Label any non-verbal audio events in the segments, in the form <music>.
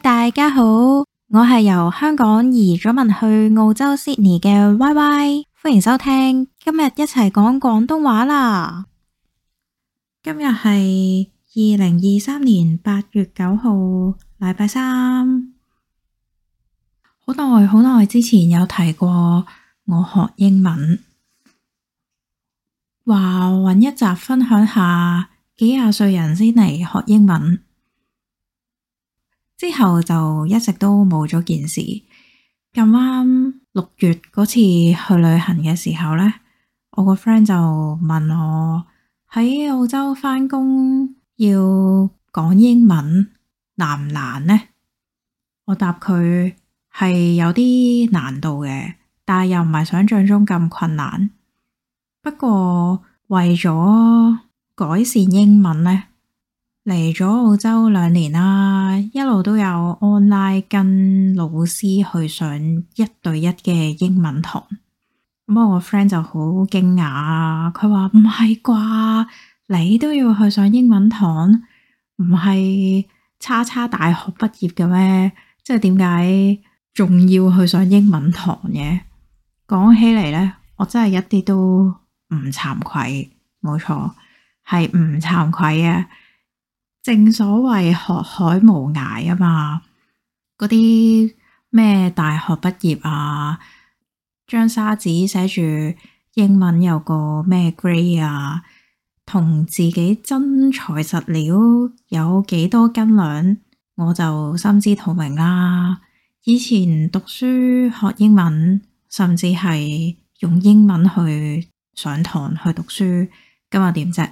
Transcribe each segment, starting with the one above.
大家好，我係由香港移咗民去澳洲悉尼嘅 Y Y，歡迎收聽，今日一齊講廣東話啦。今日係二零二三年八月九號，禮拜三。好耐好耐之前有提過，我學英文，話揾一集分享下，幾廿歲人先嚟學英文。之後就一直都冇咗件事。咁啱六月嗰次去旅行嘅時候呢，我個 friend 就問我喺澳洲返工要講英文難唔難呢？我答佢係有啲難度嘅，但係又唔係想象中咁困難。不過為咗改善英文呢……」嚟咗澳洲兩年啦，一路都有 online 跟老師去上一對一嘅英文堂。咁我個 friend 就好驚訝，佢話唔係啩，你都要去上英文堂？唔係叉叉大學畢業嘅咩？即係點解仲要去上英文堂嘅？講起嚟呢，我真係一啲都唔慚愧，冇錯係唔慚愧啊！正所謂學海無涯啊嘛，嗰啲咩大學畢業啊，張砂紙寫住英文有個咩 grade 啊，同自己真材實料有幾多斤兩，我就心知肚明啦啊。以前讀書學英文，甚至係用英文去上堂去讀書，今日點啫？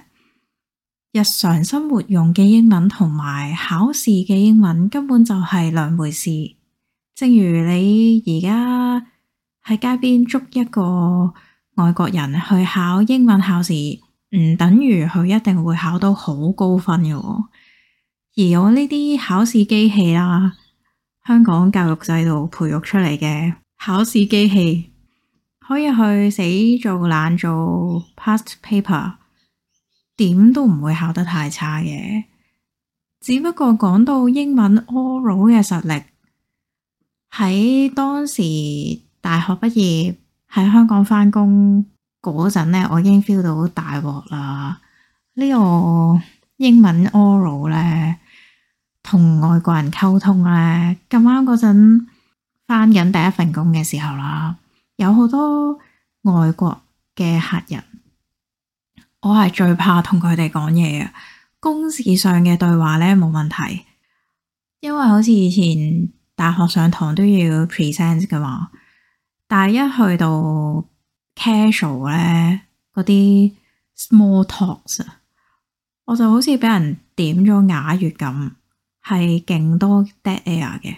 日常生活用嘅英文同埋考試嘅英文根本就係兩回事。正如你而家喺街邊捉一個外國人去考英文考試，唔等於佢一定會考到好高分嘅。而我呢啲考試機器啦，香港教育制度培育出嚟嘅考試機器，可以去死做懶做 past paper。點都唔會考得太差嘅，只不過講到英文 oral 嘅實力，喺當時大學畢業喺香港翻工嗰陣咧，我已經 feel 到大鑊啦。呢個英文 oral 咧，同外國人溝通咧，咁啱嗰陣翻緊第一份工嘅時候啦，有好多外國嘅客人。我係最怕同佢哋講嘢啊！公事上嘅對話呢，冇問題，因為好似以前大學上堂都要 present 噶嘛。但係一去到 casual 咧，嗰啲 small talks，我就好似俾人點咗啞穴咁，係勁多 dead air 嘅。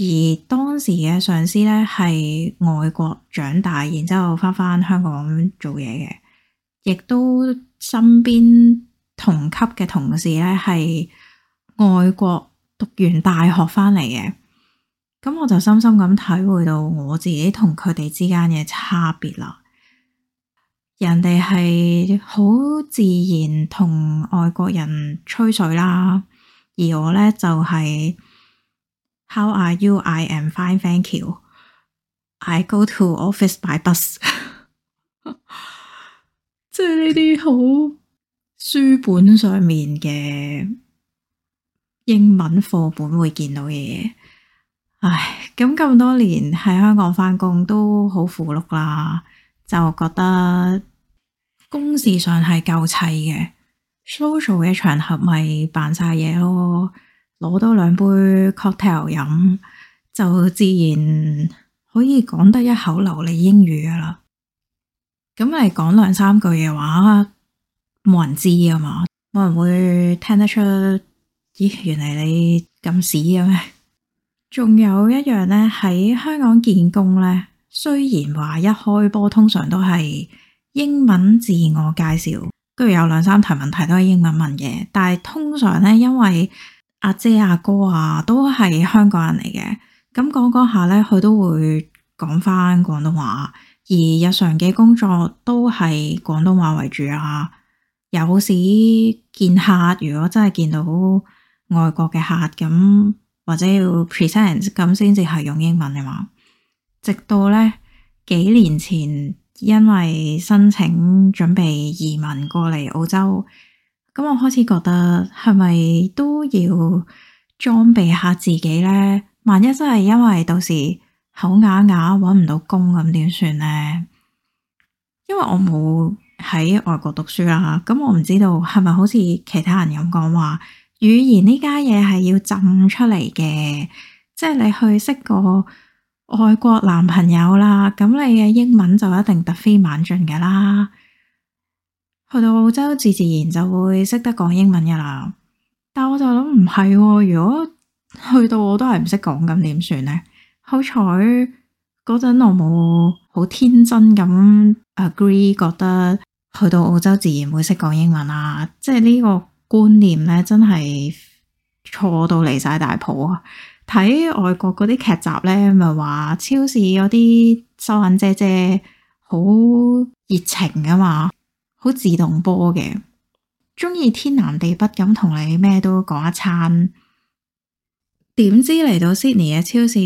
而當時嘅上司呢，係外國長大，然之後翻返香港做嘢嘅。亦都身邊同級嘅同事咧，係外國讀完大學翻嚟嘅，咁我就深深咁體會到我自己同佢哋之間嘅差別啦。人哋係好自然同外國人吹水啦，而我咧就係、是、How are you? I am fine, thank you. I go to office by bus. <laughs> 即係呢啲好書本上面嘅英文課本會見到嘅嘢，唉，咁咁多年喺香港翻工都好符碌啦，就覺得公事上係夠砌嘅，social 嘅場合咪扮晒嘢咯，攞多兩杯 cocktail 飲，就自然可以講得一口流利英語噶啦。咁嚟講兩三句嘅話，冇人知啊嘛，冇人會聽得出。咦，原來你咁屎嘅咩？仲有一樣呢，喺香港見工呢，雖然話一開波通常都係英文自我介紹，跟住有兩三題問題都係英文問嘅，但係通常呢，因為阿姐阿哥啊都係香港人嚟嘅，咁講講下呢，佢都會講返廣東話。而日常嘅工作都係廣東話為主啊，有時見客，如果真係見到外國嘅客，咁或者要 present 咁先至係用英文嘅嘛。直到咧幾年前，因為申請準備移民過嚟澳洲，咁我開始覺得係咪都要裝備下自己咧？萬一真係因為到時。口啞啞，搵唔到工咁點算呢？因為我冇喺外國讀書啦，咁我唔知道係咪好似其他人咁講話，語言呢家嘢係要浸出嚟嘅，即係你去識個外國男朋友啦，咁你嘅英文就一定突飛猛進噶啦。去到澳洲自自然就會識得講英文噶啦，但我就諗唔係，如果去到我都係唔識講咁點算呢？好彩嗰陣我冇好天真咁 agree，覺得去到澳洲自然會識講英文喇！即係呢個觀念咧，真係錯到離晒大譜啊！睇外國嗰啲劇集咧，咪話超市嗰啲收銀姐姐好熱情噶嘛，好自動波嘅，中意天南地北咁同你咩都講一餐。點知嚟到 Sydney 嘅超市，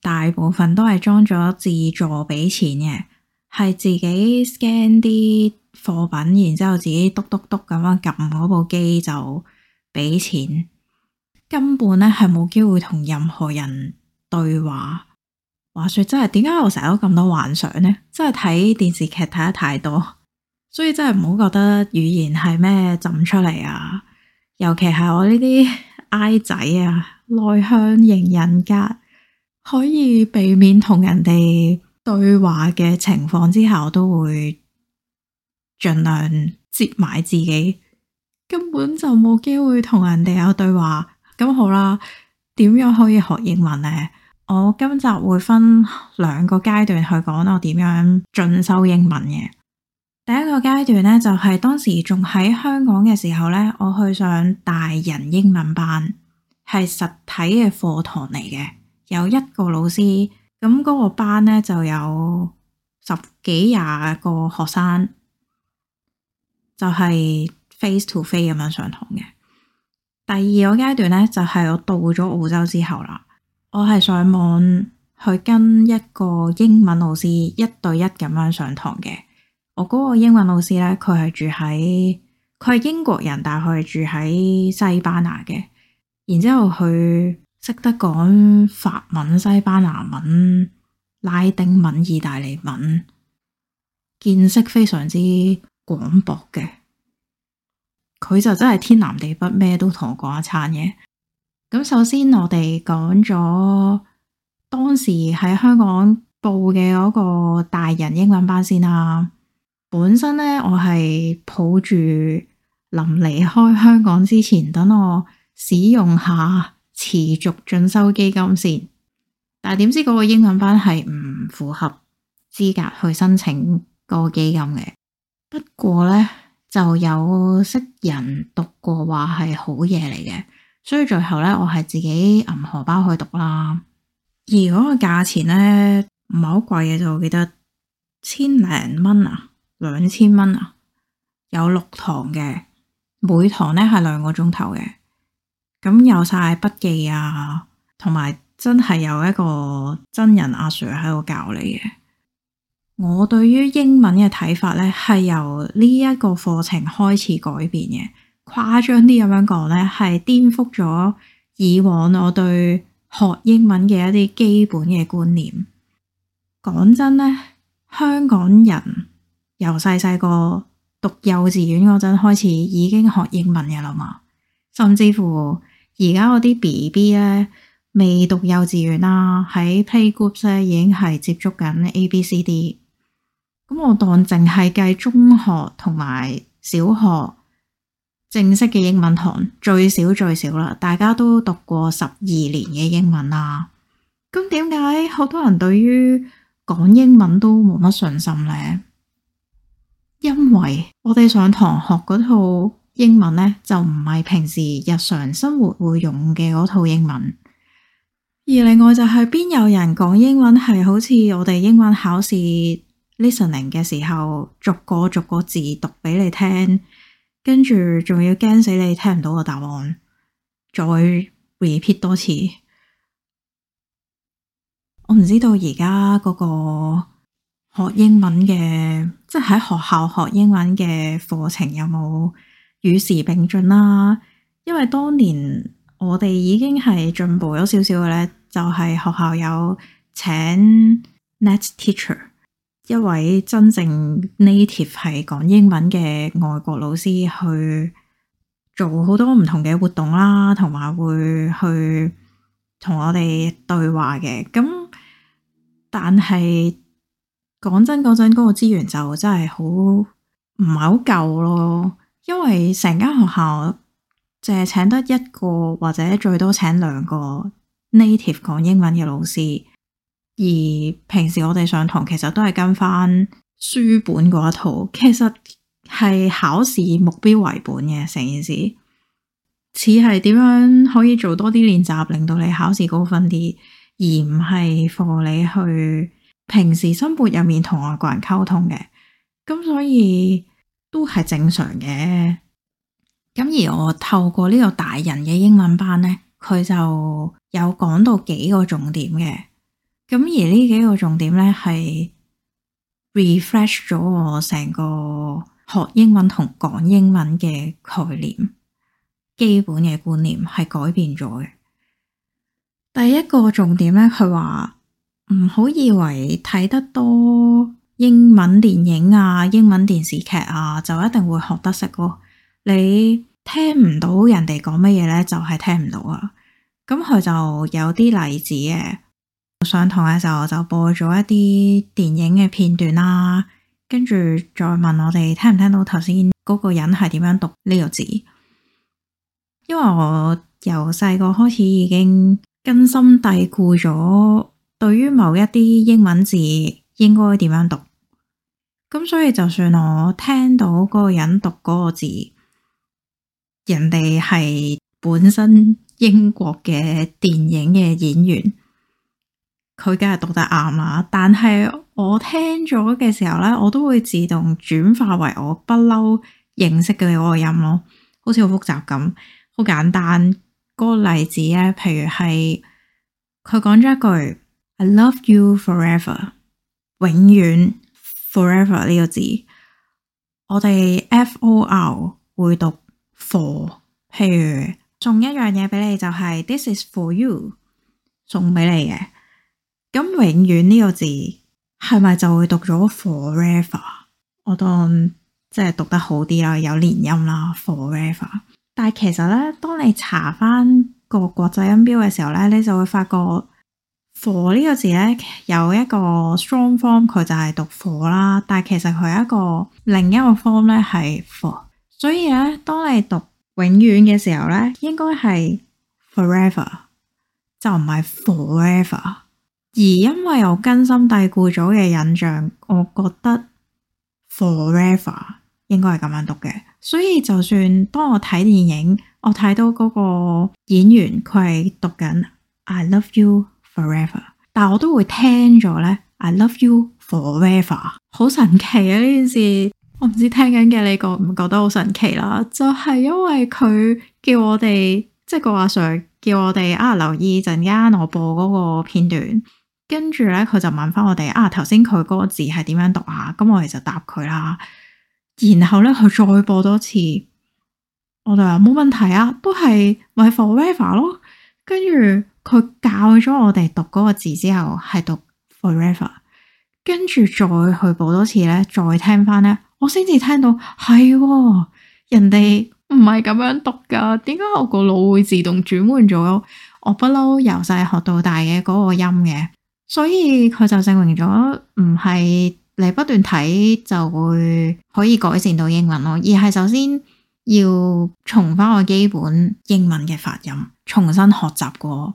大部分都係裝咗自助俾錢嘅，係自己 scan 啲貨品，然之後自己篤篤篤咁樣撳嗰部機就俾錢，根本咧係冇機會同任何人對話。話說真係點解我成日都咁多幻想呢？真係睇電視劇睇得太多，所以真係唔好覺得語言係咩浸出嚟啊！尤其係我呢啲 I 仔啊！內向型人格可以避免同人哋對話嘅情況之下，都會盡量接埋自己，根本就冇機會同人哋有對話。咁好啦，點樣可以學英文呢？我今集會分兩個階段去講我點樣進修英文嘅。第一個階段呢，就係當時仲喺香港嘅時候呢，我去上大人英文班。係實體嘅課堂嚟嘅，有一個老師，咁嗰個班呢，就有十幾廿個學生，就係、是、face to face 咁樣上堂嘅。第二個階段呢，就係、是、我到咗澳洲之後啦，我係上網去跟一個英文老師一對一咁樣上堂嘅。我嗰個英文老師呢，佢係住喺，佢係英國人，但佢係住喺西班牙嘅。然之後佢識得講法文、西班牙文、拉丁文、意大利文，見識非常之廣博嘅。佢就真係天南地北咩都同我講一餐嘅。咁首先我哋講咗當時喺香港報嘅嗰個大人英文班先啦，啊。本身呢，我係抱住臨離開香港之前，等我。使用下持續進修基金先，但係點知嗰個英文班係唔符合資格去申請個基金嘅。不過呢，就有識人讀過話係好嘢嚟嘅，所以最後呢，我係自己揞荷包去讀啦。而嗰個價錢呢，唔係好貴嘅，就記得千零蚊啊，兩千蚊啊，有六堂嘅，每堂呢係兩個鐘頭嘅。咁有晒筆記啊，同埋真係有一個真人阿 Sir 喺度教你嘅。我對於英文嘅睇法呢係由呢一個課程開始改變嘅。誇張啲咁樣講呢，係顛覆咗以往我對學英文嘅一啲基本嘅觀念。講真呢，香港人由細細個讀幼稚園嗰陣開始，已經學英文嘅啦嘛，甚至乎。而家我啲 B B 咧未讀幼稚園啦、啊，喺 Play Groups 咧已經係接觸緊 A B C D。咁我當淨係計中學同埋小學正式嘅英文堂，最少最少啦，大家都讀過十二年嘅英文啦。咁點解好多人對於講英文都冇乜信心咧？因為我哋上堂學嗰套。英文咧就唔係平時日常生活會用嘅嗰套英文，而另外就係、是、邊有人講英文係好似我哋英文考試 listening 嘅時候，逐個逐個字讀俾你聽，跟住仲要驚死你聽唔到個答案，再 repeat 多次。我唔知道而家嗰個學英文嘅，即係喺學校學英文嘅課程有冇？與時並進啦，因為當年我哋已經係進步咗少少嘅咧，就係、是、學校有請 native teacher，一位真正 native 係講英文嘅外國老師去做好多唔同嘅活動啦，同埋會去同我哋對話嘅。咁但係講真講真，嗰個資源就真係好唔係好夠咯。因為成間學校淨係請得一個或者最多請兩個 native 講英文嘅老師，而平時我哋上堂其實都係跟翻書本嗰一套，其實係考試目標為本嘅成件事，似係點樣可以做多啲練習，令到你考試高分啲，而唔係放你去平時生活入面同外國人溝通嘅，咁所以。都係正常嘅，咁而我透過呢個大人嘅英文班呢，佢就有講到幾個重點嘅，咁而呢幾個重點呢，係 refresh 咗我成個學英文同講英文嘅概念，基本嘅觀念係改變咗嘅。第一個重點呢，佢話唔好以為睇得多。英文電影啊，英文電視劇啊，就一定會學得識咯。你聽唔到人哋講乜嘢呢？就係聽唔到啊。咁佢就有啲例子嘅，上堂嘅時候就播咗一啲電影嘅片段啦，跟住再問我哋聽唔聽到頭先嗰個人係點樣讀呢個字。因為我由細個開始已經根深蒂固咗，對於某一啲英文字應該點樣讀。咁所以就算我聽到嗰個人讀嗰個字，人哋係本身英國嘅電影嘅演員，佢梗係讀得啱啦。但係我聽咗嘅時候咧，我都會自動轉化為我不嬲認識嘅嗰個音咯，好似好複雜咁，好簡單。嗰個例子咧，譬如係佢講咗一句 I love you forever，永遠。Forever 呢個字，我哋 F-O-R 會讀 for，譬如送一樣嘢俾你就係 This is for you，送俾你嘅。咁永遠呢個字係咪就會讀咗 forever？我當即係讀得好啲啦，有連音啦 forever。但係其實咧，當你查翻個國際音標嘅時候咧，你就會發覺。for 呢個字呢，有一個 strong form，佢就係讀 for 啦，但係其實佢一個另一個 form 呢，係 for，所以呢，當你讀永遠嘅時候呢，應該係 forever，就唔係 forever。而因為我根深蒂固咗嘅印象，我覺得 forever 應該係咁樣讀嘅，所以就算當我睇電影，我睇到嗰個演員佢係讀緊 I love you。Forever，但我都會聽咗咧。I love you forever，好神奇啊！呢件事我唔知聽緊嘅你覺唔覺得好神奇啦？就係因為佢叫我哋，即係個阿 Sir 叫我哋啊，留意陣間我播嗰個片段，跟住咧佢就問翻我哋啊，頭先佢嗰個字係點樣讀啊？咁我哋就答佢啦。然後咧佢再播多次，我就話冇問題啊，都係咪 forever 咯。跟住。佢教咗我哋讀嗰個字之後，係讀 forever，跟住再去補多次咧，再聽翻咧，我先至聽到係、哦，人哋唔係咁樣讀噶，點解我個腦會自動轉換咗？我不嬲由細學到大嘅嗰個音嘅，所以佢就證明咗唔係你不斷睇就會可以改善到英文咯，而係首先要重翻我基本英文嘅發音，重新學習過。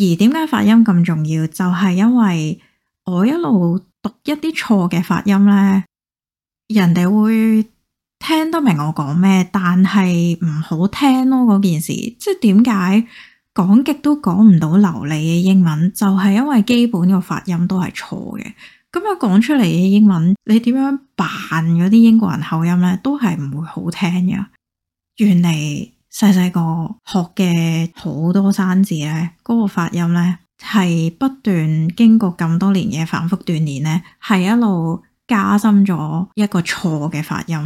而點解發音咁重要？就係、是、因為我一路讀一啲錯嘅發音呢，人哋會聽得明我講咩，但係唔好聽咯。嗰件事即係點解講極都講唔到流利嘅英文，就係、是、因為基本個發音都係錯嘅。咁樣講出嚟嘅英文，你點樣扮嗰啲英國人口音呢，都係唔會好聽嘅。原嚟。細細個學嘅好多生字呢，嗰、那個發音呢，係不斷經過咁多年嘅反復鍛煉呢，係一路加深咗一個錯嘅發音。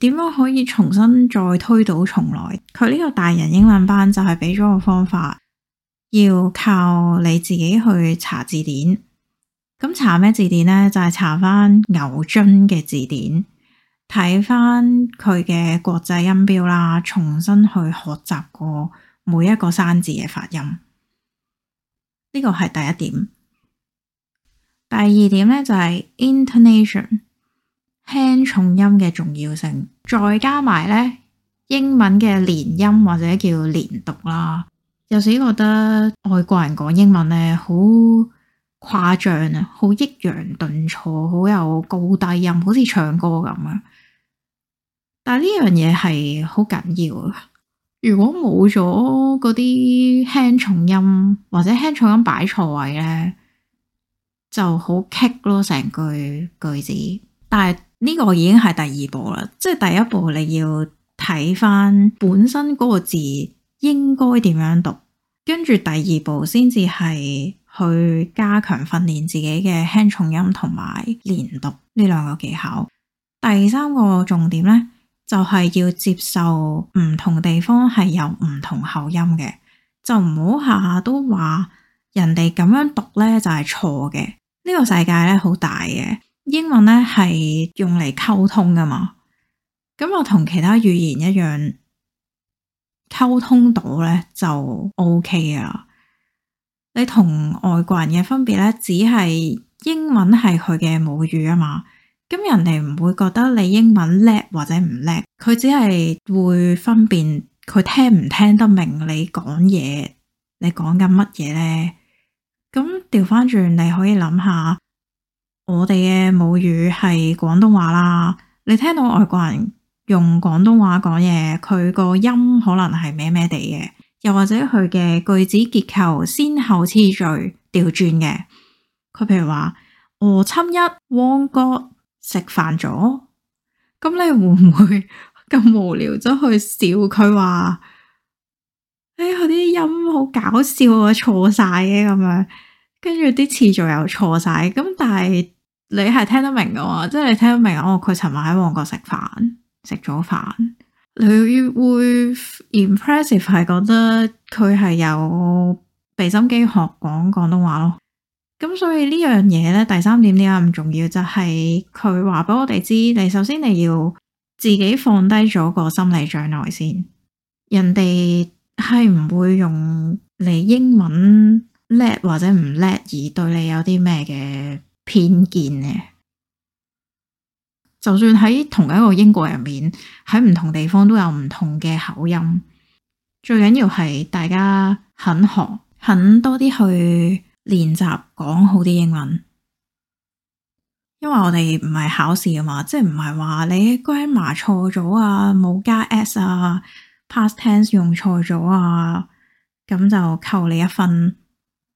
點樣可以重新再推倒重來？佢呢個大人英文班就係俾咗個方法，要靠你自己去查字典。咁查咩字典呢？就係、是、查翻牛津嘅字典。睇翻佢嘅國際音標啦，重新去學習過每一個生字嘅發音，呢個係第一點。第二點咧就係 intonation，輕重音嘅重要性，再加埋咧英文嘅連音或者叫連讀啦。有時覺得外國人講英文咧好誇張啊，好抑揚頓挫，好有高低音，好似唱歌咁樣！但係呢樣嘢係好緊要嘅，如果冇咗嗰啲輕重音或者輕重音擺錯位呢，就好棘咯成句句子。但係呢個已經係第二步啦，即係第一步你要睇翻，本身嗰個字應該點樣讀，跟住第二步先至係去加強訓練自己嘅輕重音同埋連讀呢兩個技巧。第三個重點呢。就係要接受唔同地方係有唔同口音嘅，就唔好下下都話人哋咁樣讀呢就係錯嘅。呢個世界呢好大嘅，英文呢係用嚟溝通噶嘛，咁我同其他語言一樣溝通到呢就 O K 啊。你同外國人嘅分別呢，只係英文係佢嘅母語啊嘛。咁人哋唔會覺得你英文叻或者唔叻，佢只係會分辨佢聽唔聽得明你講嘢，你講緊乜嘢呢。咁調翻轉，你可以諗下我哋嘅母語係廣東話啦。你聽到外國人用廣東話講嘢，佢個音可能係咩咩地嘅，又或者佢嘅句子結構先後次序調轉嘅。佢譬如話我侵一汪哥。食飯咗，咁、啊、你會唔會咁無聊咗去笑佢話？誒，佢、哎、啲音好搞笑啊，錯晒嘅咁樣，跟住啲次序又錯晒。咁、啊、但係你係聽得明噶嘛？即、就、係、是、你聽得明哦。佢尋晚喺旺角食飯，食咗飯，你會 impressive 係覺得佢係有俾心機學講廣東話咯？咁所以呢樣嘢呢，第三點點解咁重要，就係佢話俾我哋知，你首先你要自己放低咗個心理障礙先，人哋係唔會用你英文叻或者唔叻而對你有啲咩嘅偏見嘅。就算喺同一個英國入面，喺唔同地方都有唔同嘅口音，最緊要係大家肯學，肯多啲去練習講好啲英文，因為我哋唔係考試啊嘛，即係唔係話你 grammar 錯咗啊，冇加 s 啊，past tense 用錯咗啊，咁就扣你一分，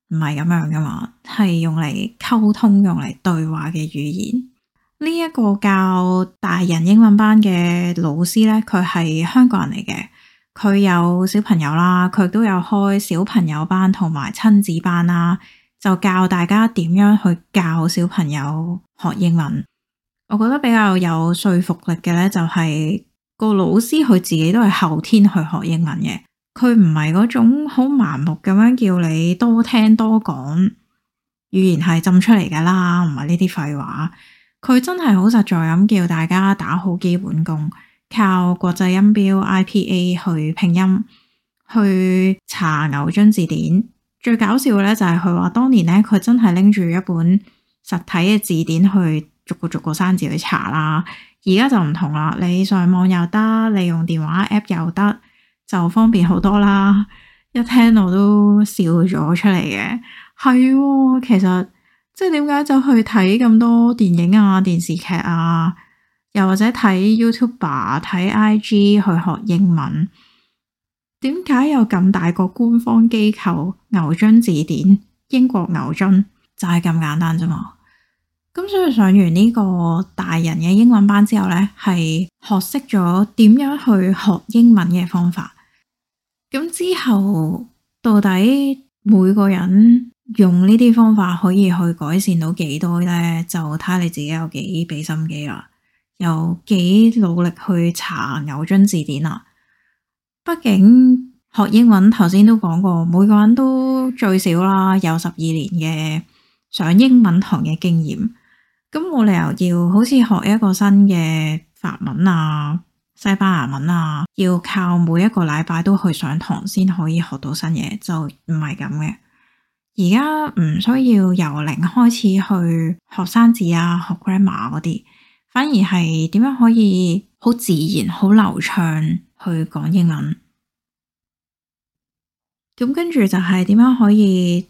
唔係咁樣噶嘛，係用嚟溝通、用嚟對話嘅語言。呢、這、一個教大人英文班嘅老師咧，佢係香港人嚟嘅，佢有小朋友啦，佢都有開小朋友班同埋親子班啦。就教大家點樣去教小朋友學英文，我覺得比較有說服力嘅呢，就係個老師佢自己都係後天去學英文嘅，佢唔係嗰種好盲目咁樣叫你多聽多講，語言係浸出嚟噶啦，唔係呢啲廢話，佢真係好實在咁叫大家打好基本功，靠國際音標 IPA 去拼音，去查牛津字典。最搞笑嘅咧就係佢話當年咧佢真係拎住一本實體嘅字典去逐個逐個生字去查啦，而家就唔同啦，你上網又得，你用電話 app 又得，就方便好多啦。一聽到都笑咗出嚟嘅，係、哦，其實即係點解就去睇咁多電影啊、電視劇啊，又或者睇 YouTuber 睇 IG 去學英文？點解有咁大個官方機構牛津字典，英國牛津就係咁簡單啫嘛。咁所以上完呢個大人嘅英文班之後呢，係學識咗點樣去學英文嘅方法。咁之後到底每個人用呢啲方法可以去改善到幾多呢？就睇你自己有幾俾心機啦，有幾努力去查牛津字典啦。畢竟學英文，頭先都講過，每個人都最少啦有十二年嘅上英文堂嘅經驗，咁冇理由要好似學一個新嘅法文啊、西班牙文啊，要靠每一個禮拜都去上堂先可以學到新嘢，就唔係咁嘅。而家唔需要由零開始去學生字啊、學 grammar 嗰啲，反而係點樣可以好自然、好流暢。去講英文，咁跟住就係點樣可以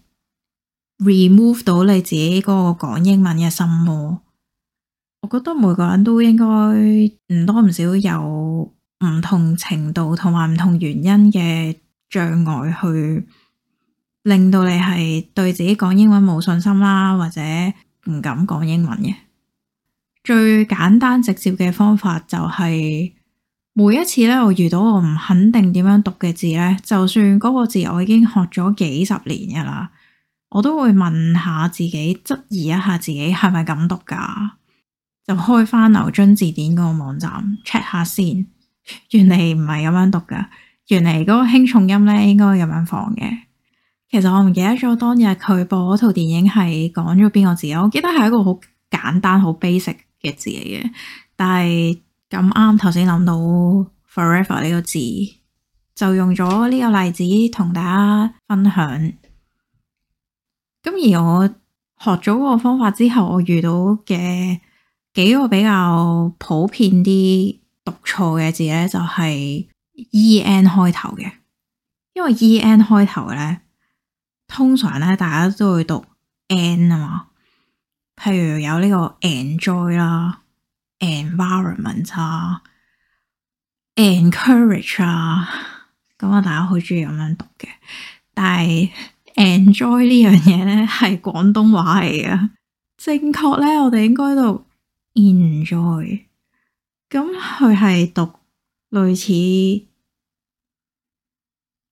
remove 到你自己嗰個講英文嘅心魔？我覺得每個人都應該唔多唔少有唔同程度同埋唔同原因嘅障礙，去令到你係對自己講英文冇信心啦，或者唔敢講英文嘅。最簡單直接嘅方法就係、是。每一次咧，我遇到我唔肯定點樣讀嘅字咧，就算嗰個字我已經學咗幾十年噶啦，我都會問下自己，質疑一下自己係咪咁讀噶？就開翻牛津字典嗰、那個網站 check 下先，原嚟唔係咁樣讀噶，原嚟嗰個輕重音咧應該咁樣放嘅。其實我唔記得咗當日佢播嗰套電影係講咗邊個字，我記得係一個好簡單、好 basic 嘅字嚟嘅，但係。咁啱頭先諗到 forever 呢個字，就用咗呢個例子同大家分享。咁而我學咗個方法之後，我遇到嘅幾個比較普遍啲讀錯嘅字呢，就係、是、en 開頭嘅。因為 en 開頭呢，通常呢，大家都會讀 en 啊嘛。譬如有呢個 enjoy 啦。Environment 啊，encourage 啊，咁啊，大家好中意咁樣讀嘅。但係 enjoy 呢樣嘢咧，係廣東話嚟嘅，正確咧，我哋應該讀 enjoy。咁佢係讀類似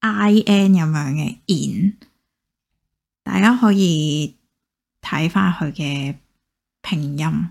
in 咁樣嘅 in，大家可以睇翻佢嘅拼音。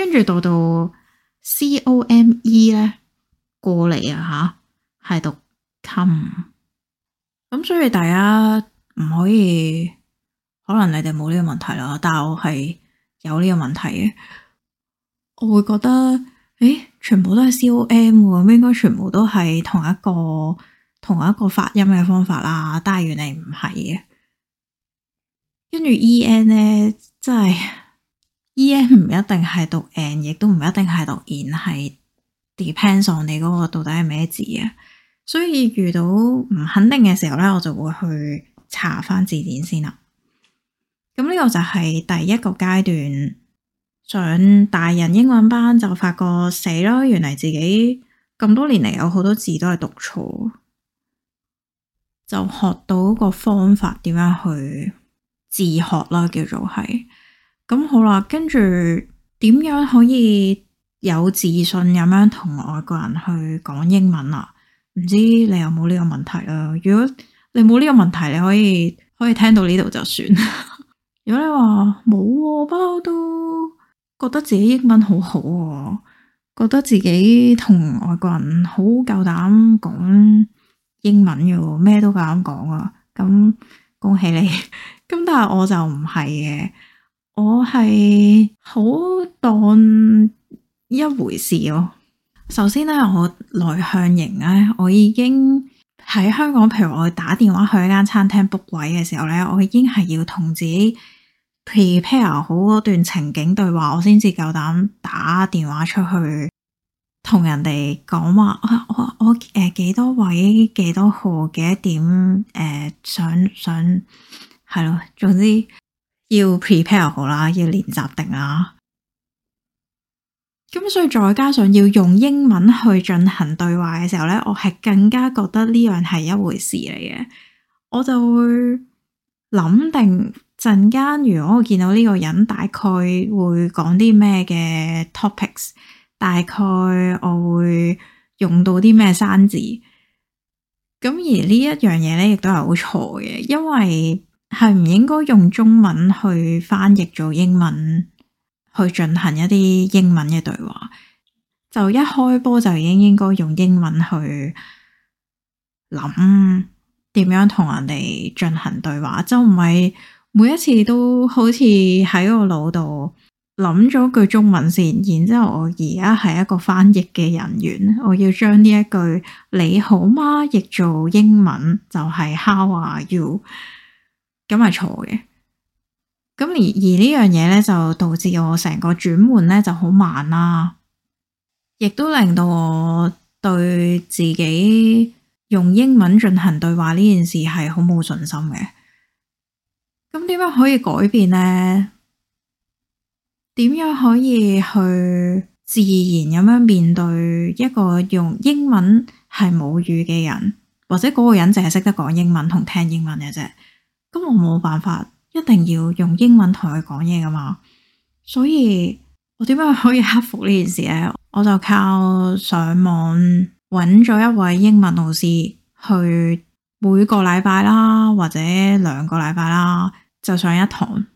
跟住到到 C O M E 咧，過嚟啊吓，係讀 come，咁所以大家唔可以，可能你哋冇呢個問題啦，但係我係有呢個問題嘅，我會覺得誒，全部都係 C O M 喎，應該全部都係同一個同一個發音嘅方法啦，但係原嚟唔係嘅，跟住 E N 咧，真係。E M 唔一定係讀 n，亦都唔一定係讀 n 係 depends on 你嗰個到底係咩字啊。所以遇到唔肯定嘅時候咧，我就會去查翻字典先啦。咁呢個就係第一個階段。上大人英文班就發覺死咯，原嚟自己咁多年嚟有好多字都係讀錯，就學到個方法點樣去自學啦，叫做係。咁好啦，跟住點樣可以有自信咁樣同外國人去講英文啊？唔知你有冇呢個問題啊？如果你冇呢個問題，你可以可以聽到呢度就算。 <laughs> 如果你話冇，不嬲、啊、都覺得自己英文好好、啊，覺得自己同外國人好夠膽講英文嘅，咩都夠膽講啊！咁恭喜你。咁 <laughs> 但係我就唔係嘅。我係好當一回事咯、啊。首先咧，我內向型咧，我已經喺香港，譬如我打電話去一間餐廳 book 位嘅時候咧，我已經係要同自己 prepare 好段情景對話，我先至夠膽打電話出去同人哋講話啊！我我誒、呃、幾多位幾多號幾多點誒、呃、想想係咯，總之。要 prepare 好啦，要練習定啦。咁所以再加上要用英文去進行對話嘅時候咧，我係更加覺得呢樣係一回事嚟嘅。我就會諗定陣間，如果我見到呢個人，大概會講啲咩嘅 topics，大概我會用到啲咩生字。咁而呢一樣嘢咧，亦都係好錯嘅，因為。係唔應該用中文去翻譯做英文，去進行一啲英文嘅對話。就一開波就已經應該用英文去諗點樣同人哋進行對話，就唔係每一次都好似喺個腦度諗咗句中文先，然之後我而家係一個翻譯嘅人員，我要將呢一句你好嗎譯做英文，就係 How are you？咁係錯嘅，咁而而呢樣嘢咧，就導致我成個轉換咧就好慢啦，亦都令到我對自己用英文進行對話呢件事係好冇信心嘅。咁點樣可以改變呢？點樣可以去自然咁樣面對一個用英文係母語嘅人，或者嗰個人淨係識得講英文同聽英文嘅啫？咁我冇辦法，一定要用英文同佢講嘢噶嘛，所以我點樣可以克服呢件事呢？我就靠上網揾咗一位英文老師，去每個禮拜啦，或者兩個禮拜啦，就上一堂。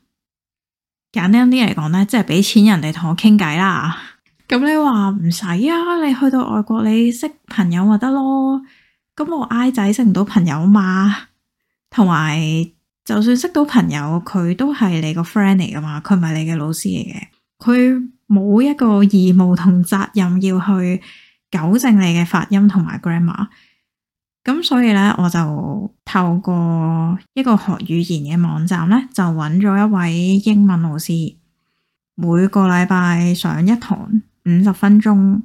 簡單啲嚟講呢，即係俾錢人哋同我傾偈啦。咁、 <laughs> 嗯、你話唔使啊？你去到外國你識朋友咪得咯？咁、嗯、我 I 仔識唔到朋友嘛？同埋。就算識到朋友，佢都係你個 friend 嚟噶嘛，佢唔係你嘅老師嚟嘅，佢冇一個義務同責任要去糾正你嘅發音同埋 grammar。咁所以咧，我就透過一個學語言嘅網站咧，就揾咗一位英文老師，每個禮拜上一堂五十分鐘。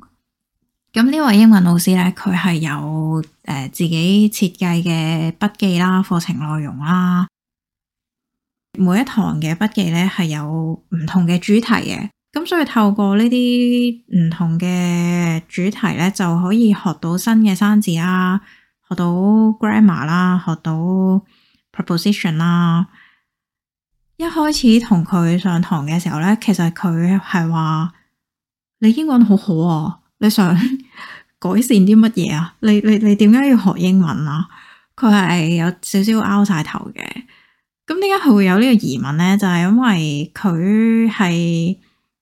咁呢位英文老師咧，佢係有誒自己設計嘅筆記啦、課程內容啦、啊。每一堂嘅筆記咧，係有唔同嘅主題嘅，咁所以透過呢啲唔同嘅主題咧，就可以學到新嘅生字啦，學到 grammar 啦，學到 preposition 啦。一開始同佢上堂嘅時候咧，其實佢係話你英文好好啊，你想改善啲乜嘢啊？你你你點解要學英文啊？佢係有少少拗晒頭嘅。咁點解佢會有呢個疑問呢？就係因為佢係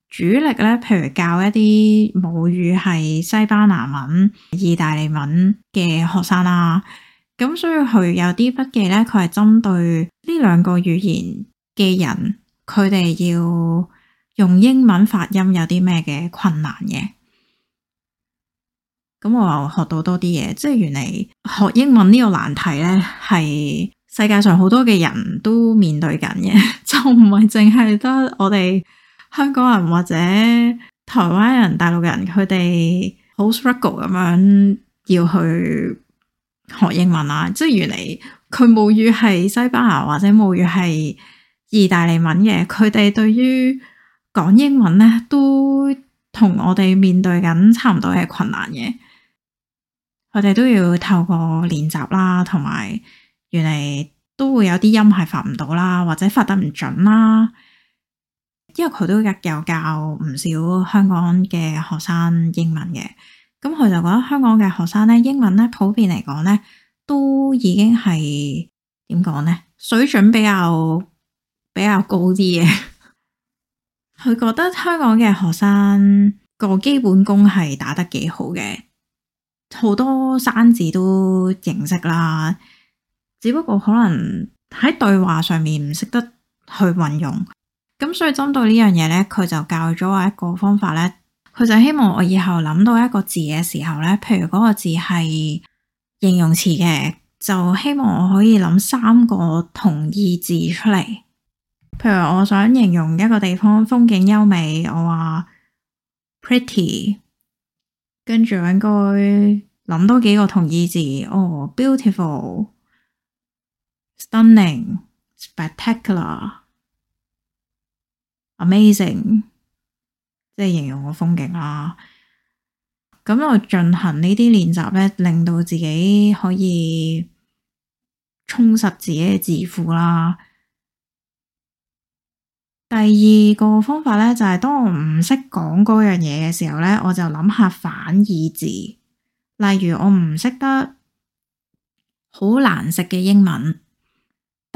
主力咧，譬如教一啲母語係西班牙文、意大利文嘅學生啦。咁所以佢有啲筆記呢，佢係針對呢兩個語言嘅人，佢哋要用英文發音有啲咩嘅困難嘅。咁我話學到多啲嘢，即係原來學英文呢個難題呢係世界上好多嘅人都面對緊嘅， <laughs> 就唔係淨係得我哋香港人或者台灣人、大陸人，佢哋好 struggle 咁樣要去學英文啊！即係原嚟佢母語係西班牙或者母語係意大利文嘅，佢哋對於講英文咧都同我哋面對緊差唔多係困難嘅，我哋都要透過練習啦，同埋。原來都會有啲音係發唔到啦，或者發得唔準啦。因為佢都又教唔少香港嘅學生英文嘅，咁佢就覺得香港嘅學生咧，英文咧普遍嚟講咧，都已經係點講呢？水準比較比較高啲嘅。佢 <laughs> 覺得香港嘅學生個基本功係打得幾好嘅，好多生字都認識啦。只不過可能喺對話上面唔識得去運用，咁所以針對呢樣嘢呢，佢就教咗我一個方法呢。佢就希望我以後諗到一個字嘅時候呢，譬如嗰個字係形容詞嘅，就希望我可以諗三個同義字出嚟。譬如我想形容一個地方風景優美，我話 pretty，跟住應該諗多幾個同義字哦，beautiful。stunning、St spectacular、amazing，即係形容個風景啦。咁我進行呢啲練習咧，令到自己可以充實自己嘅字庫啦。第二個方法咧，就係、是、當我唔識講嗰樣嘢嘅時候咧，我就諗下反義字。例如我唔識得好難食嘅英文。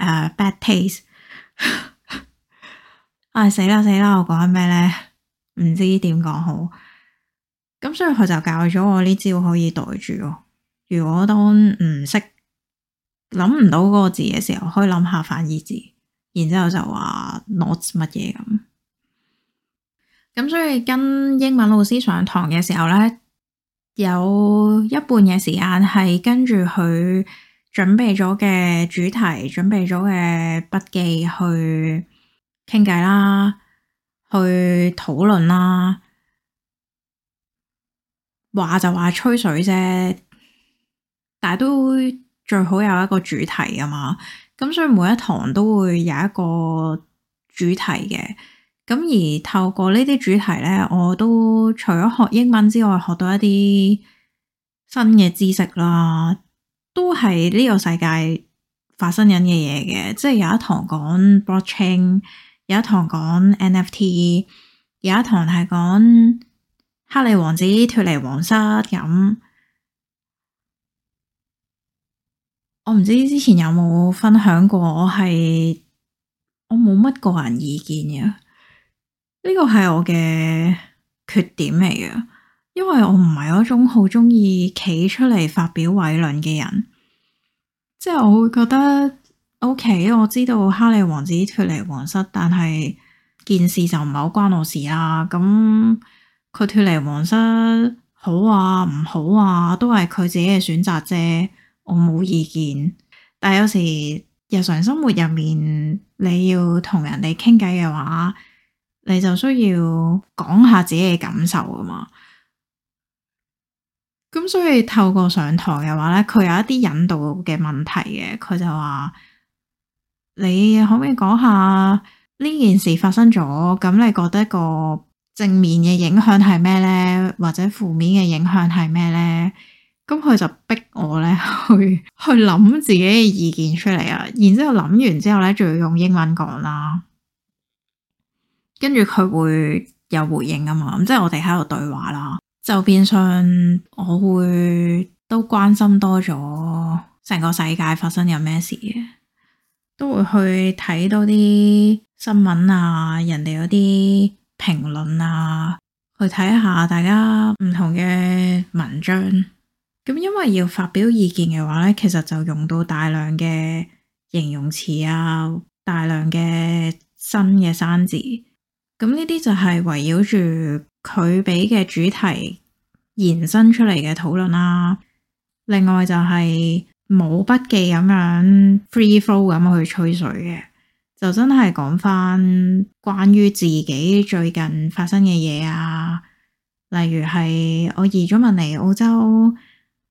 誒、uh，bad taste，唉、 <laughs> 啊，死啦死啦！我講咩咧？唔知點講好。咁所以佢就教咗我呢招可以袋住咯。如果當唔識諗唔到嗰個字嘅時候，可以諗下反義字，然之後就話 not 乜嘢咁。咁所以跟英文老師上堂嘅時候咧，有一半嘅時間係跟住佢準備咗嘅主題、準備咗嘅筆記去傾偈啦，去討論啦，話就話吹水啫。但係都最好有一個主題啊嘛，咁所以每一堂都會有一個主題嘅。咁而透過呢啲主題咧，我都除咗學英文之外，學到一啲新嘅知識啦。都係呢個世界發生緊嘅嘢嘅，即係有一堂講 blockchain，有一堂講 NFT，有一堂係講哈利王子脫離皇室咁、嗯。我唔知之前有冇分享過，我係我冇乜個人意見嘅，呢個係我嘅缺點嚟嘅，因為我唔係嗰種好中意企出嚟發表偉論嘅人。即係我會覺得 OK，我知道哈利王子脫離皇室，但係件事就唔係好關我事啊。咁佢脫離皇室好啊，唔好啊，都係佢自己嘅選擇啫，我冇意見。但係有時日常生活入面，你要同人哋傾偈嘅話，你就需要講下自己嘅感受噶嘛。咁所以透過上堂嘅話咧，佢有一啲引導嘅問題嘅，佢就話你可唔可以講下呢件事發生咗，咁你覺得個正面嘅影響係咩咧，或者負面嘅影響係咩咧？咁佢就逼我咧去去諗自己嘅意見出嚟啊，然之後諗完之後咧，就要用英文講啦，跟住佢會有回應啊嘛，咁即係我哋喺度對話啦。就變相我會都關心多咗成個世界發生有咩事嘅，都會去睇多啲新聞啊，人哋嗰啲評論啊，去睇下大家唔同嘅文章。咁因為要發表意見嘅話呢,其實就用到大量嘅形容詞啊，大量嘅新嘅生字。咁呢啲就係圍繞住。佢俾嘅主題延伸出嚟嘅討論啦，另外就係冇筆記咁樣 free flow 咁去吹水嘅，就真係講翻關於自己最近發生嘅嘢啊，例如係我移咗民嚟澳洲，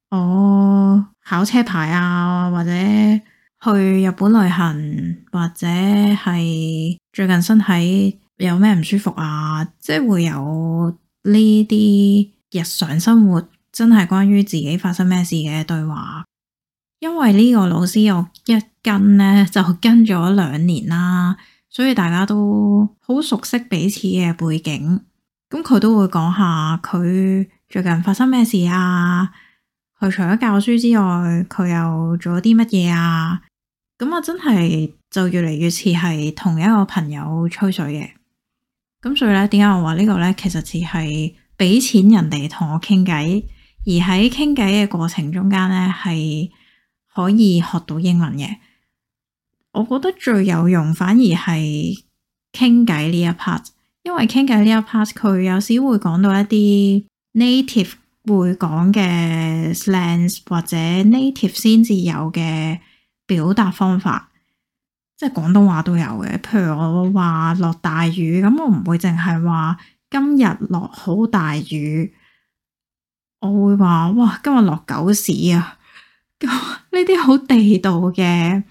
我考車牌啊，或者去日本旅行，或者係最近身體。有咩唔舒服啊？即係會有呢啲日常生活真係關於自己發生咩事嘅對話。因為呢個老師我一跟呢，就跟咗兩年啦，所以大家都好熟悉彼此嘅背景。咁佢都會講下佢最近發生咩事啊。佢除咗教書之外，佢又做咗啲乜嘢啊。咁啊，真係就越嚟越似係同一個朋友吹水嘅。咁所以咧，點解我話呢個咧，其實只係俾錢人哋同我傾偈，而喺傾偈嘅過程中間咧，係可以學到英文嘅。我覺得最有用，反而係傾偈呢一 part，因為傾偈呢一 part 佢有時會講到一啲 native 會講嘅 slang 或者 native 先至有嘅表達方法。即係廣東話都有嘅，譬如我話落大雨，咁我唔會淨係話今日落好大雨，我會話哇今日落狗屎啊！呢啲好地道嘅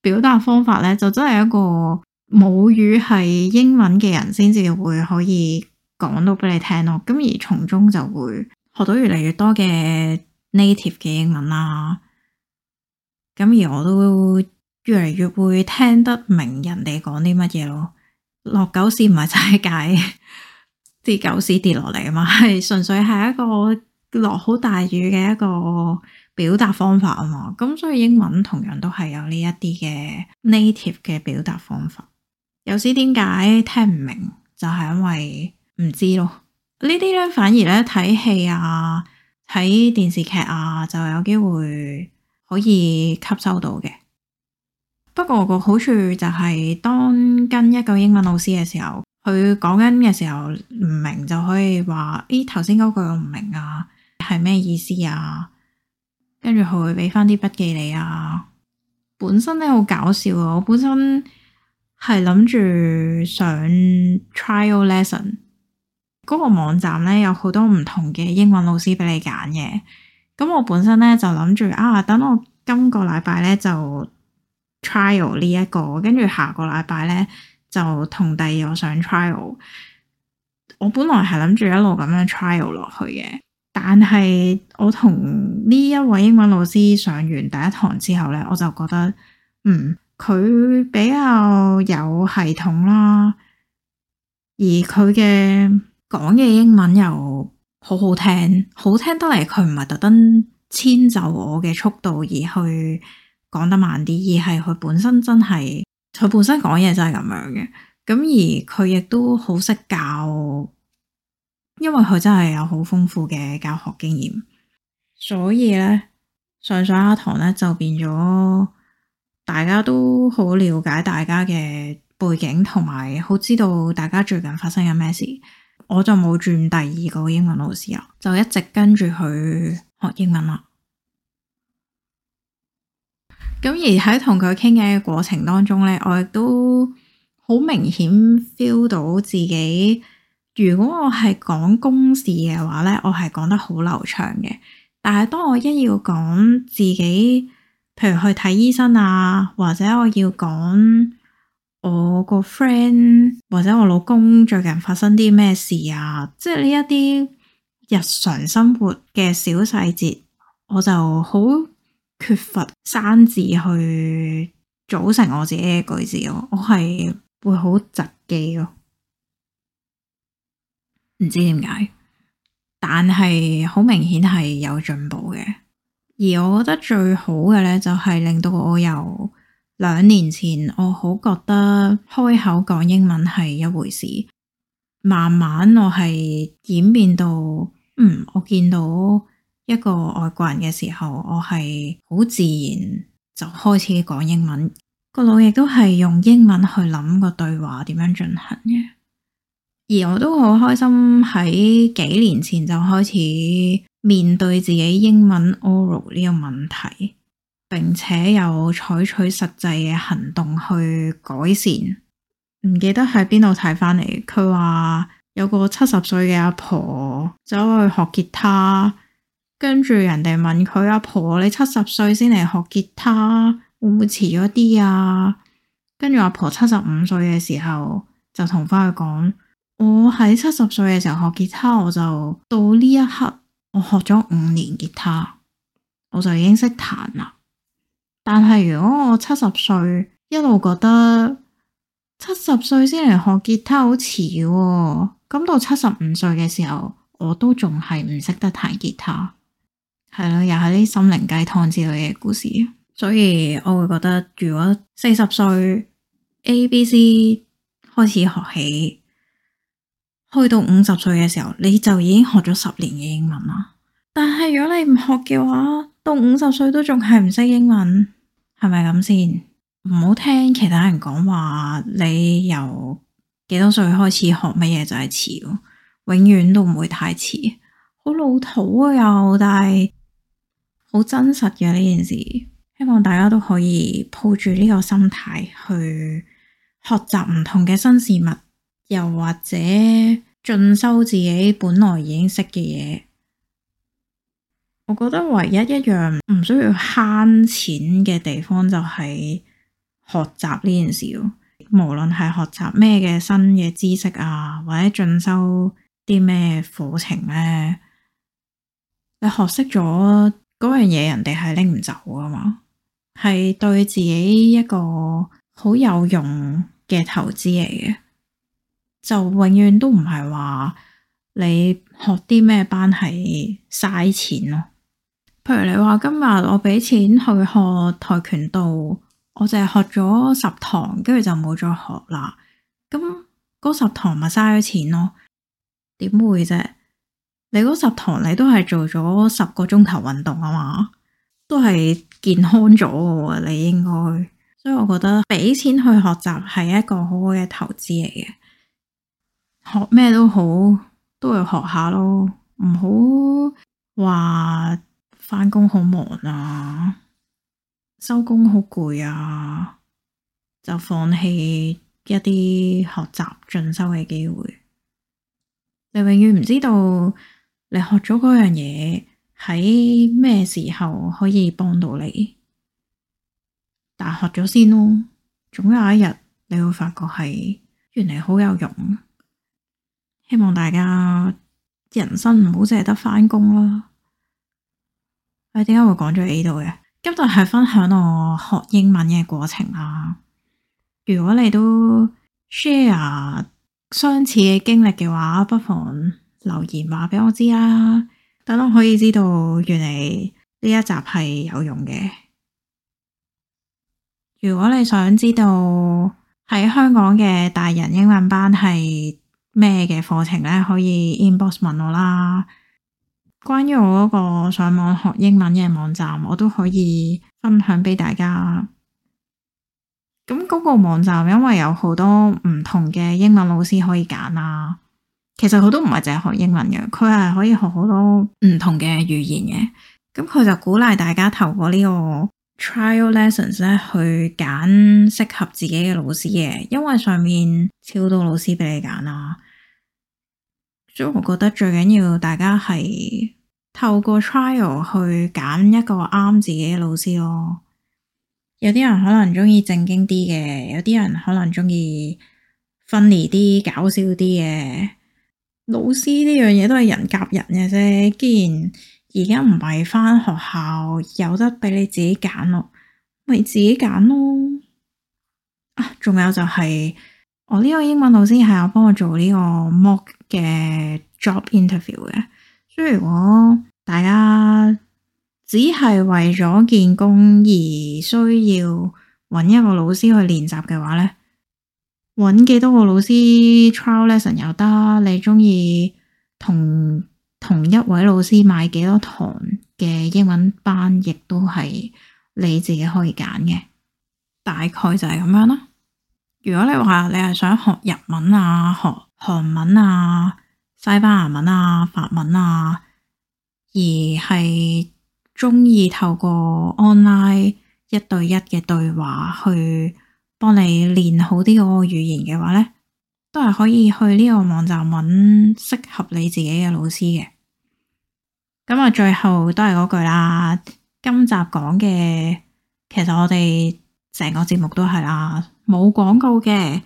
表達方法呢，就真係一個母語係英文嘅人先至會可以講到俾你聽咯。咁而從中就會學到越嚟越多嘅 native 嘅英文啦。咁而我都。越嚟越會聽得明人哋講啲乜嘢咯。落狗屎唔係真係解跌 <laughs> 狗屎跌落嚟啊嘛，係純粹係一個落好大雨嘅一個表達方法啊嘛。咁所以英文同樣都係有呢一啲嘅 native 嘅表達方法。有時點解聽唔明，就係、是、因為唔知咯。呢啲咧反而咧睇戲啊，睇電視劇啊，就有機會可以吸收到嘅。不過個好處就係當跟一個英文老師嘅時候，佢講緊嘅時候唔明就可以話，誒、欸，頭先嗰句我唔明啊，係咩意思啊？跟住佢會俾翻啲筆記你啊。本身咧好搞笑啊！我本身係諗住上 trial lesson，嗰個網站咧有好多唔同嘅英文老師俾你揀嘅。咁我本身咧就諗住啊，等我今個禮拜咧就。trial 呢、這、一個，跟住下個禮拜呢就同第二個上 trial。我本來係諗住一路咁樣 trial 落去嘅，但係我同呢一位英文老師上完第一堂之後呢，我就覺得，嗯，佢比較有系統啦，而佢嘅講嘅英文又好好聽，好聽得嚟，佢唔係特登遷就我嘅速度而去。講得慢啲，而係佢本身真係，佢本身講嘢就係咁樣嘅。咁而佢亦都好識教，因為佢真係有好豐富嘅教學經驗，所以呢，上上一堂呢，就變咗，大家都好了解大家嘅背景，同埋好知道大家最近發生緊咩事。我就冇轉第二個英文老師呀，就一直跟住佢學英文啦。咁而喺同佢傾偈嘅過程當中咧，我亦都好明顯 feel 到自己，如果我係講公事嘅話咧，我係講得好流暢嘅。但係當我一要講自己，譬如去睇醫生啊，或者我要講我個 friend 或者我老公最近發生啲咩事啊，即係呢一啲日常生活嘅小細節，我就好。缺乏生字去組成我自己嘅句子咯，我係會好窒機咯，唔知點解。但係好明顯係有進步嘅，而我覺得最好嘅呢，就係令到我由兩年前我好覺得開口講英文係一回事，慢慢我係演變到，嗯，我見到，一個外國人嘅時候，我係好自然就開始講英文，個腦亦都係用英文去諗個對話點樣進行嘅。而我都好開心喺幾年前就開始面對自己英文 oral 呢個問題，並且有採取實際嘅行動去改善。唔記得喺邊度睇翻嚟，佢話有個七十歲嘅阿婆走去學吉他。跟住人哋問佢阿婆：你七十歲先嚟學吉他，會唔會遲咗啲啊？跟住阿婆七十五歲嘅時候就同返佢講：我喺七十歲嘅時候學吉他，我就到呢一刻我學咗五年吉他，我就已經識彈啦。但係如果我七十歲一路覺得七十歲先嚟學吉他好遲喎，咁到七十五歲嘅時候我都仲係唔識得彈吉他。係咯，又係啲心靈雞湯之類嘅故事，所以我會覺得，如果四十歲 A、B、C 開始學起，去到五十歲嘅時候，你就已經學咗十年嘅英文啦。但係如果你唔學嘅話，到五十歲都仲係唔識英文，係咪咁先？唔好聽其他人講話，你由幾多歲開始學乜嘢就係遲咯，永遠都唔會太遲。好老土啊又，但係。好真實嘅呢件事，希望大家都可以抱住呢個心態去學習唔同嘅新事物，又或者進修自己本來已經識嘅嘢。我覺得唯一一樣唔需要慳錢嘅地方就係學習呢件事，無論係學習咩嘅新嘅知識啊，或者進修啲咩課程咧，你學識咗。嗰樣嘢，人哋係拎唔走噶嘛，係對自己一個好有用嘅投資嚟嘅，就永遠都唔係話你學啲咩班係嘥錢咯。譬如你話今日我畀錢去學跆拳道，我淨係學咗十堂，跟住就冇再學啦。咁嗰十堂咪嘥咗錢咯，點會啫？你嗰十堂你都係做咗十個鐘頭運動啊嘛，都係健康咗嘅你應該，所以我覺得俾錢去學習係一個好好嘅投資嚟嘅，學咩都好都要學下咯，唔好話翻工好忙啊，收工好攰啊，就放棄一啲學習進修嘅機會，你永遠唔知道。你學咗嗰樣嘢喺咩時候可以幫到你？但係學咗先咯，總有一日你會發覺係原嚟好有用。希望大家人生唔好淨係得返工咯。我點解會講咗呢度嘅？今日係分享我學英文嘅過程啊。如果你都 share 相似嘅經歷嘅話，不妨。留言話俾我知啦，等我可以知道原嚟呢一集係有用嘅。如果你想知道喺香港嘅大人英文班係咩嘅課程呢，可以 inbox 問我啦。關於我嗰個上網學英文嘅網站，我都可以分享俾大家。咁嗰個網站因為有好多唔同嘅英文老師可以揀啦。其實佢都唔係淨係學英文嘅，佢係可以學好多唔同嘅語言嘅。咁佢就鼓勵大家透過呢個 trial lessons 咧去揀適合自己嘅老師嘅，因為上面超多老師俾你揀啦。所以我覺得最緊要大家係透過 trial 去揀一個啱自己嘅老師咯。有啲人可能中意正經啲嘅，有啲人可能中意 funny 啲、搞笑啲嘅。老師呢樣嘢，都係人夾人嘅啫，既然而家唔係翻學校，有得俾你自己揀咯，咪自己揀咯。啊，仲有就係我呢個英文老師係有幫我做呢個 mock 嘅 job interview 嘅，所以如果大家只係為咗見工而需要揾一個老師去練習嘅話呢。揾幾多個老師 trial lesson 又得，試試試有你中意同同一位老師買幾多堂嘅英文班，亦都係你自己可以揀嘅。大概就係咁樣啦。如果你話你係想學日文啊、學韓文啊、西班牙文啊、法文啊，而係中意透過 online 一對一嘅對話去。幫你練好啲嗰個語言嘅話呢，都係可以去呢個網站揾適合你自己嘅老師嘅。咁啊，最後都係嗰句啦。今集講嘅，其實我哋成個節目都係啦，冇廣告嘅，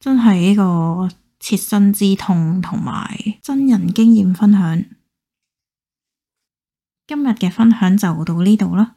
真係呢個切身之痛同埋真人經驗分享。今日嘅分享就到呢度啦。